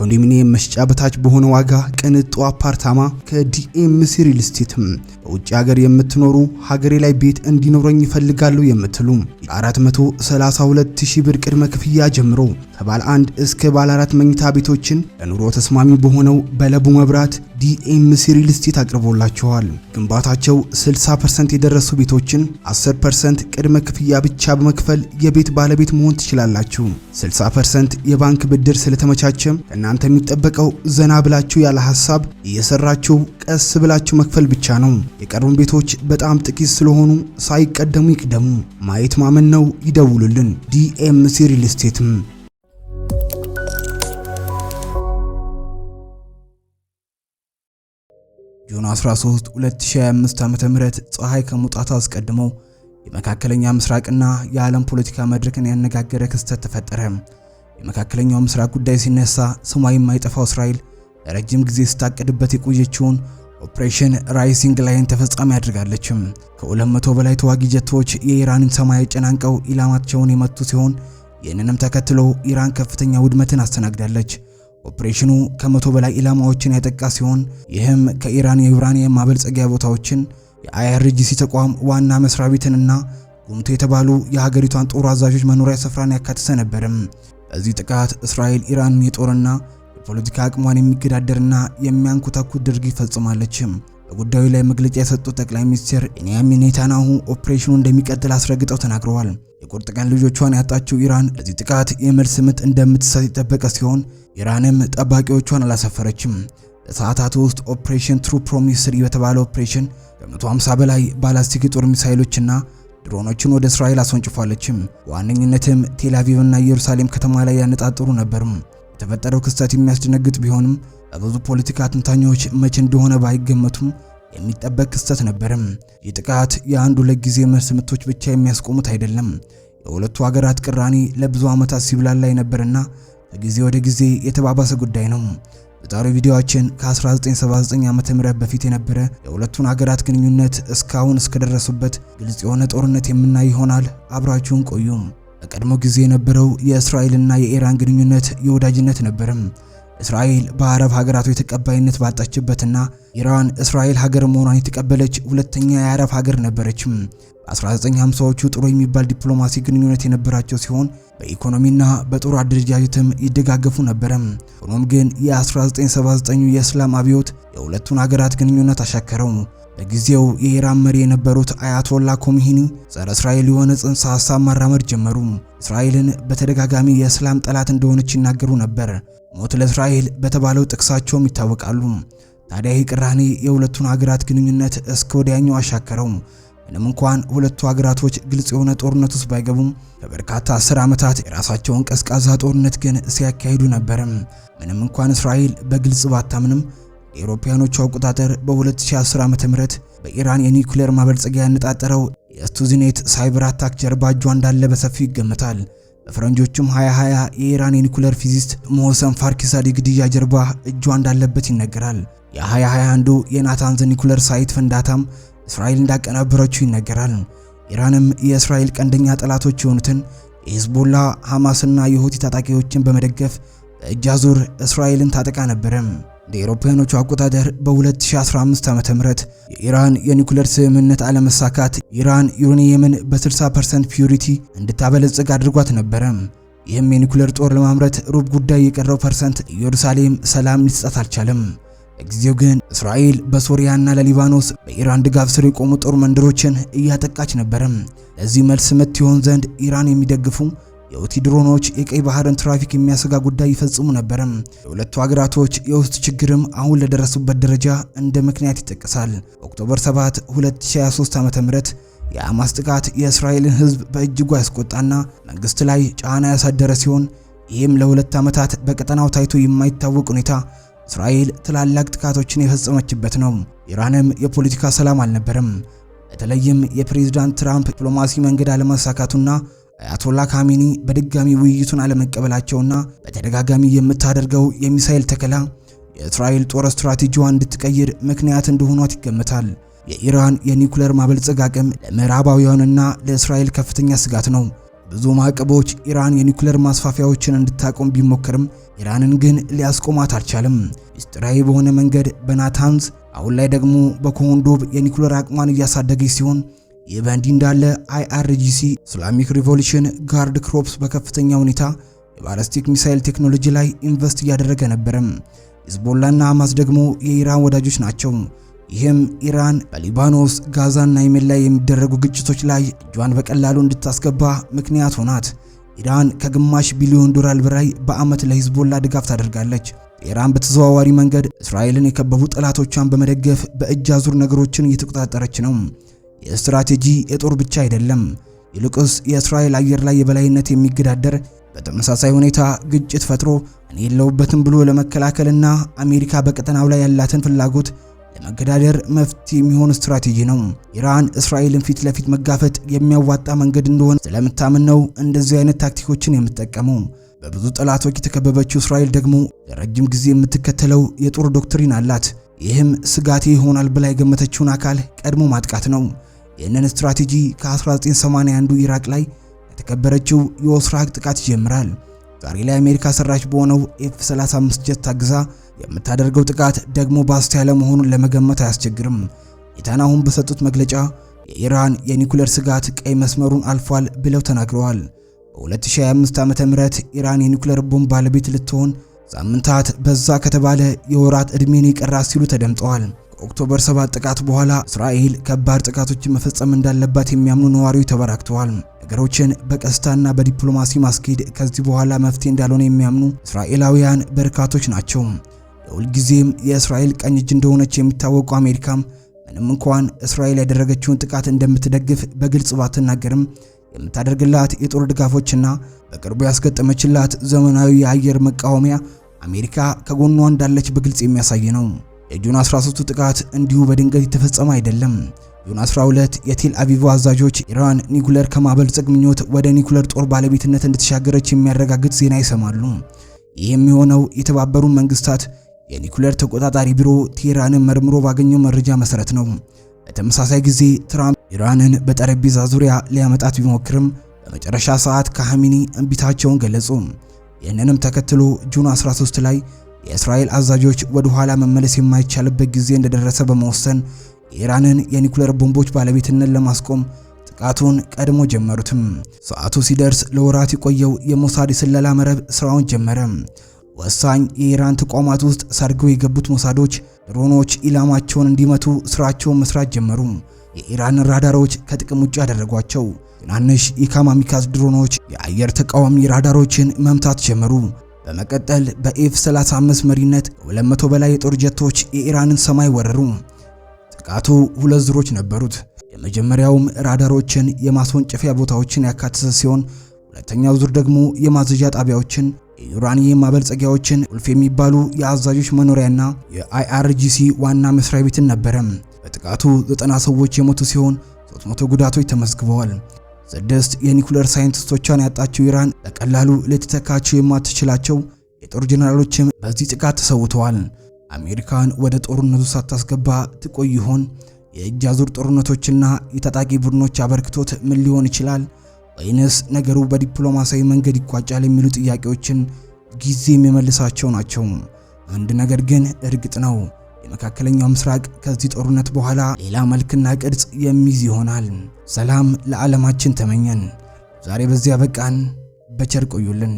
ኮንዶሚኒየም መሸጫ በታች በሆነ ዋጋ ቅንጡ አፓርታማ ከዲኤምሲ ሪል ስቴትም በውጭ ሀገር የምትኖሩ ሀገሬ ላይ ቤት እንዲኖረኝ ይፈልጋሉ የምትሉ የ432000 ብር ቅድመ ክፍያ ጀምሮ ከባለ አንድ እስከ ባለ አራት መኝታ ቤቶችን ለኑሮ ተስማሚ በሆነው በለቡ መብራት ዲኤምሲ ሪል ስቴት አቅርቦላቸዋል። ግንባታቸው 60% የደረሱ ቤቶችን 10% ቅድመ ክፍያ ብቻ በመክፈል የቤት ባለቤት መሆን ትችላላችሁ። 60% የባንክ ብድር ስለተመቻቸም ከእናንተ የሚጠበቀው ዘና ብላችሁ ያለ ሀሳብ እየሰራችሁ ቀስ ብላችሁ መክፈል ብቻ ነው። የቀሩን ቤቶች በጣም ጥቂት ስለሆኑ ሳይቀደሙ ይቅደሙ። ማየት ማመን ነው። ይደውሉልን። ዲኤምሲ ሪል ስቴትም ጁን 13 2025 ዓ.ም ፀሐይ ከመውጣቷ አስቀድሞ የመካከለኛ ምስራቅና የዓለም ፖለቲካ መድረክን ያነጋገረ ክስተት ተፈጠረ። የመካከለኛው ምስራቅ ጉዳይ ሲነሳ ስሟ የማይጠፋው እስራኤል ለረጅም ጊዜ ስታቀድበት የቆየችውን ኦፕሬሽን ራይሲንግ ላይን ተፈጻሚ አድርጋለችም። ከ200 በላይ ተዋጊ ጀቶች የኢራንን ሰማይ አጨናንቀው ኢላማቸውን የመቱ ሲሆን ይህንንም ተከትሎ ኢራን ከፍተኛ ውድመትን አስተናግዳለች። ኦፕሬሽኑ ከመቶ በላይ ኢላማዎችን ያጠቃ ሲሆን ይህም ከኢራን የዩራኒየም ማበልጸጊያ ቦታዎችን የአይአርጂሲ ተቋም ዋና መስሪያ ቤትንና ጉምቱ የተባሉ የሀገሪቷን ጦር አዛዦች መኖሪያ ስፍራን ያካተተ ነበርም። በዚህ ጥቃት እስራኤል ኢራንን የጦርና የፖለቲካ አቅሟን የሚገዳደርና የሚያንኮታኩት ድርጊት ፈጽማለችም። በጉዳዩ ላይ መግለጫ የሰጡት ጠቅላይ ሚኒስትር ቤንያሚን ኔታንያሁ ኦፕሬሽኑ እንደሚቀጥል አስረግጠው ተናግረዋል። የቁርጥ ቀን ልጆቿን ያጣችው ኢራን ለዚህ ጥቃት የመልስ ምት እንደምትሰጥ የጠበቀ ሲሆን ኢራንም ጠባቂዎቿን አላሰፈረችም። ለሰዓታት ውስጥ ኦፕሬሽን ትሩ ፕሮሚስሪ በተባለ ኦፕሬሽን ከ150 በላይ ባላስቲክ የጦር ሚሳይሎችና ድሮኖችን ወደ እስራኤል አስወንጭፏለችም። በዋነኝነትም ቴል አቪቭና ኢየሩሳሌም ከተማ ላይ ያነጣጥሩ ነበርም። የተፈጠረው ክስተት የሚያስደነግጥ ቢሆንም በብዙ ፖለቲካ ተንታኞች መቼ እንደሆነ ባይገመቱም የሚጠበቅ ክስተት ነበርም። ይህ ጥቃት የአንድ ሁለት ጊዜ መልስ ምቶች ብቻ የሚያስቆሙት አይደለም። የሁለቱ ሀገራት ቅራኔ ለብዙ ዓመታት ሲብላላ የነበርና ከጊዜ ወደ ጊዜ የተባባሰ ጉዳይ ነው። በዛሬው ቪዲዮአችን ከ1979 ዓመተ ምህረት በፊት የነበረ የሁለቱን ሀገራት ግንኙነት እስካሁን እስከደረሱበት ግልጽ የሆነ ጦርነት የምናይ ይሆናል። አብራችሁን ቆዩ። በቀድሞ ጊዜ የነበረው የእስራኤልና የኢራን ግንኙነት የወዳጅነት ነበርም። እስራኤል በአረብ ሀገራቶች ተቀባይነት ባጣችበትና ኢራን እስራኤል ሀገር መሆኗን የተቀበለች ሁለተኛ የአረብ ሀገር ነበረችም። በ1950ዎቹ ጥሩ የሚባል ዲፕሎማሲ ግንኙነት የነበራቸው ሲሆን በኢኮኖሚና በጦር አደረጃጀትም ይደጋገፉ ነበረ። ሆኖም ግን የ1979 የእስላም አብዮት የሁለቱን ሀገራት ግንኙነት አሻከረው። በጊዜው የኢራን መሪ የነበሩት አያቶላ ኮሚሂኒ ጸረ እስራኤል የሆነ ጽንሰ ሀሳብ ማራመድ ጀመሩ። እስራኤልን በተደጋጋሚ የእስላም ጠላት እንደሆነች ይናገሩ ነበር። ሞት ለእስራኤል በተባለው ጥቅሳቸውም ይታወቃሉ። ታዲያ ይህ ቅራኔ የሁለቱን ሀገራት ግንኙነት እስከ ወዲያኛው አሻከረው። ምንም እንኳን ሁለቱ ሀገራቶች ግልጽ የሆነ ጦርነት ውስጥ ባይገቡም ለበርካታ አስር ዓመታት የራሳቸውን ቀዝቃዛ ጦርነት ግን ሲያካሂዱ ነበር። ምንም እንኳን እስራኤል በግልጽ ባታምንም የአውሮፓውያኖቹ አቆጣጠር በ2010 ዓ.ም በኢራን የኒውክሌር ማበልጸጊያ ያነጣጠረው የስቱዚኔት ሳይበር አታክ ጀርባ እጇ እንዳለ በሰፊው ይገመታል። በፈረንጆቹም 2020 የኢራን የኒኩለር ፊዚስት ሞሰን ፋርኪሳዲ ግድያ ጀርባ እጇ እንዳለበት ይነገራል። የ2021 የናታንዝ ኒኩለር ሳይት ፍንዳታም እስራኤል እንዳቀናበረችው ይነገራል። ኢራንም የእስራኤል ቀንደኛ ጠላቶች የሆኑትን የሂዝቦላ ሐማስና የሁቲ ታጣቂዎችን በመደገፍ በእጅ አዙር እስራኤልን ታጠቃ ነበረም። እንደ አውሮፓውያኖቹ አቆጣጠር በ2015 ዓ.ም የኢራን የኒኩሌር ስምምነት አለመሳካት ኢራን ዩራኒየምን በ60% ፒዩሪቲ እንድታበለጽግ አድርጓት ነበረ። ይህም የኒኩሌር ጦር ለማምረት ሩብ ጉዳይ የቀረው ፐርሰንት ኢየሩሳሌም ሰላም ሊሰጣት አልቻለም። ለጊዜው ግን እስራኤል በሶሪያና ለሊባኖስ በኢራን ድጋፍ ስር የቆሙ ጦር መንደሮችን እያጠቃች ነበረ። ለዚህ መልስ ምት ይሆን ዘንድ ኢራን የሚደግፉ የሁቲ ድሮኖች የቀይ ባህርን ትራፊክ የሚያሰጋ ጉዳይ ይፈጽሙ ነበርም። የሁለቱ ሀገራቶች የውስጥ ችግርም አሁን ለደረሱበት ደረጃ እንደ ምክንያት ይጠቀሳል። ኦክቶበር 7 2023 ዓ.ም የሐማስ ጥቃት የእስራኤልን ህዝብ በእጅጉ ያስቆጣና መንግስት ላይ ጫና ያሳደረ ሲሆን ይህም ለሁለት ዓመታት በቀጠናው ታይቶ የማይታወቅ ሁኔታ እስራኤል ትላላቅ ጥቃቶችን የፈጸመችበት ነው። ኢራንም የፖለቲካ ሰላም አልነበረም። በተለይም የፕሬዝዳንት ትራምፕ ዲፕሎማሲ መንገድ አለመሳካቱና አያቶላ ካሚኒ በድጋሚ ውይይቱን አለመቀበላቸውና በተደጋጋሚ የምታደርገው የሚሳኤል ተከላ የእስራኤል ጦር ስትራቴጂዋ እንድትቀይር ምክንያት እንደሆኗት ይገመታል። የኢራን የኒውክሌር ማበልጸግ አቅም ለምዕራባውያንና ለእስራኤል ከፍተኛ ስጋት ነው። ብዙ ማዕቀቦች ኢራን የኒውክሌር ማስፋፊያዎችን እንድታቆም ቢሞከርም ኢራንን ግን ሊያስቆማት አልቻለም። ምስጢራዊ በሆነ መንገድ በናታንዝ አሁን ላይ ደግሞ በኮንዶብ የኒውክሌር አቅሟን እያሳደገች ሲሆን ይህ በእንዲህ እንዳለ አይአርጂሲ ኢስላሚክ ሪቮሉሽን ጋርድ ክሮፕስ በከፍተኛ ሁኔታ የባለስቲክ ሚሳይል ቴክኖሎጂ ላይ ኢንቨስት እያደረገ ነበረም። ሂዝቦላና ሐማስ ደግሞ የኢራን ወዳጆች ናቸው። ይህም ኢራን በሊባኖስ ጋዛና የመን ላይ የሚደረጉ ግጭቶች ላይ እጇን በቀላሉ እንድታስገባ ምክንያት ሆናት። ኢራን ከግማሽ ቢሊዮን ዶላር በላይ በዓመት ለሂዝቦላ ድጋፍ ታደርጋለች። ኢራን በተዘዋዋሪ መንገድ እስራኤልን የከበቡ ጠላቶቿን በመደገፍ በእጅ አዙር ነገሮችን እየተቆጣጠረች ነው። የስትራቴጂ የጦር ብቻ አይደለም። ይልቁንስ የእስራኤል አየር ላይ የበላይነት የሚገዳደር በተመሳሳይ ሁኔታ ግጭት ፈጥሮ እኔ የለውበትም ብሎ ለመከላከልና አሜሪካ በቀጠናው ላይ ያላትን ፍላጎት ለመገዳደር መፍትሄ የሚሆን ስትራቴጂ ነው። ኢራን እስራኤልን ፊት ለፊት መጋፈጥ የሚያዋጣ መንገድ እንደሆነ ስለምታምን ነው እንደዚህ አይነት ታክቲኮችን የምትጠቀመው። በብዙ ጠላቶች የተከበበችው እስራኤል ደግሞ ለረጅም ጊዜ የምትከተለው የጦር ዶክትሪን አላት። ይህም ስጋቴ ይሆናል ብላ የገመተችውን አካል ቀድሞ ማጥቃት ነው። ይህንን ስትራቴጂ ከ1981 ኢራቅ ላይ የተከበረችው የኦስራክ ጥቃት ይጀምራል። ዛሬ ላይ አሜሪካ ሰራሽ በሆነው ኤፍ 35 ጀት ታግዛ የምታደርገው ጥቃት ደግሞ ባስት ያለ መሆኑን ለመገመት አያስቸግርም። የታና አሁን በሰጡት መግለጫ የኢራን የኒኩሌር ስጋት ቀይ መስመሩን አልፏል ብለው ተናግረዋል። በ2025 ዓመተ ምህረት ኢራን የኒኩሌር ቦምብ ባለቤት ልትሆን ሳምንታት በዛ ከተባለ የወራት ዕድሜን ይቀራ ሲሉ ተደምጠዋል። ከኦክቶበር 7 ጥቃት በኋላ እስራኤል ከባድ ጥቃቶችን መፈጸም እንዳለባት የሚያምኑ ነዋሪዎች ተበራክተዋል። ነገሮችን በቀስታና በዲፕሎማሲ ማስኬድ ከዚህ በኋላ መፍትሄ እንዳልሆነ የሚያምኑ እስራኤላውያን በርካቶች ናቸው። ለሁልጊዜም የእስራኤል ቀኝ እጅ እንደሆነች የሚታወቁ አሜሪካም ምንም እንኳን እስራኤል ያደረገችውን ጥቃት እንደምትደግፍ በግልጽ ባትናገርም የምታደርግላት የጦር ድጋፎችና በቅርቡ ያስገጠመችላት ዘመናዊ የአየር መቃወሚያ አሜሪካ ከጎኗ እንዳለች በግልጽ የሚያሳይ ነው። የጁን 13ቱ ጥቃት እንዲሁ በድንገት የተፈጸመ አይደለም። ጁን 12 የቴል አቪቭ አዛዦች ኢራን ኒኩለር ከማበልጸግ ምኞት ወደ ኒኩለር ጦር ባለቤትነት እንደተሻገረች የሚያረጋግጥ ዜና ይሰማሉ። ይህ የሚሆነው የተባበሩ መንግስታት የኒኩለር ተቆጣጣሪ ቢሮ ቴህራንን መርምሮ ባገኘው መረጃ መሰረት ነው። በተመሳሳይ ጊዜ ትራምፕ ኢራንን በጠረጴዛ ዙሪያ ሊያመጣት ቢሞክርም በመጨረሻ ሰዓት ከሐሚኒ እንቢታቸውን ገለጹ። ይህንንም ተከትሎ ጁን 13 ላይ የእስራኤል አዛዦች ወደ ኋላ መመለስ የማይቻልበት ጊዜ እንደደረሰ በመወሰን የኢራንን የኒኩሌር ቦምቦች ባለቤትነት ለማስቆም ጥቃቱን ቀድሞ ጀመሩትም። ሰዓቱ ሲደርስ ለወራት የቆየው የሞሳድ የስለላ መረብ ስራውን ጀመረ። ወሳኝ የኢራን ተቋማት ውስጥ ሰርገው የገቡት ሞሳዶች ድሮኖች ኢላማቸውን እንዲመቱ ስራቸውን መስራት ጀመሩ። የኢራን ራዳሮች ከጥቅም ውጭ ያደረጓቸው ትናንሽ የካማሚካዝ ድሮኖች የአየር ተቃዋሚ ራዳሮችን መምታት ጀመሩ። በመቀጠል በኤፍ 35 መሪነት ከ200 በላይ የጦር ጀቶች የኢራንን ሰማይ ወረሩ። ጥቃቱ ሁለት ዙሮች ነበሩት። የመጀመሪያውም ራዳሮችን፣ የማስወንጨፊያ ቦታዎችን ያካተተ ሲሆን ሁለተኛው ዙር ደግሞ የማዘዣ ጣቢያዎችን፣ የዩራኒየም ማበልጸጊያዎችን፣ ቁልፍ የሚባሉ የአዛዦች መኖሪያና የአይአርጂሲ ዋና መስሪያ ቤትን ነበረ። በጥቃቱ 90 ሰዎች የሞቱ ሲሆን 300 ጉዳቶች ተመዝግበዋል። ስድስት የኒኩለር ሳይንቲስቶቿን ያጣችው ኢራን በቀላሉ ልትተካቸው የማትችላቸው የጦር ጀነራሎችም በዚህ ጥቃት ተሰውተዋል። አሜሪካን ወደ ጦርነቱ ሳታስገባ ትቆይ ይሆን? የእጅ አዙር ጦርነቶችና የታጣቂ ቡድኖች አበርክቶት ምን ሊሆን ይችላል? ወይንስ ነገሩ በዲፕሎማሲያዊ መንገድ ይቋጫል? የሚሉ ጥያቄዎችን ጊዜ የሚመልሳቸው ናቸው። አንድ ነገር ግን እርግጥ ነው የመካከለኛው ምስራቅ ከዚህ ጦርነት በኋላ ሌላ መልክና ቅርጽ የሚይዝ ይሆናል። ሰላም ለዓለማችን ተመኘን። ዛሬ በዚያ በቃን። በቸር ቆዩልን።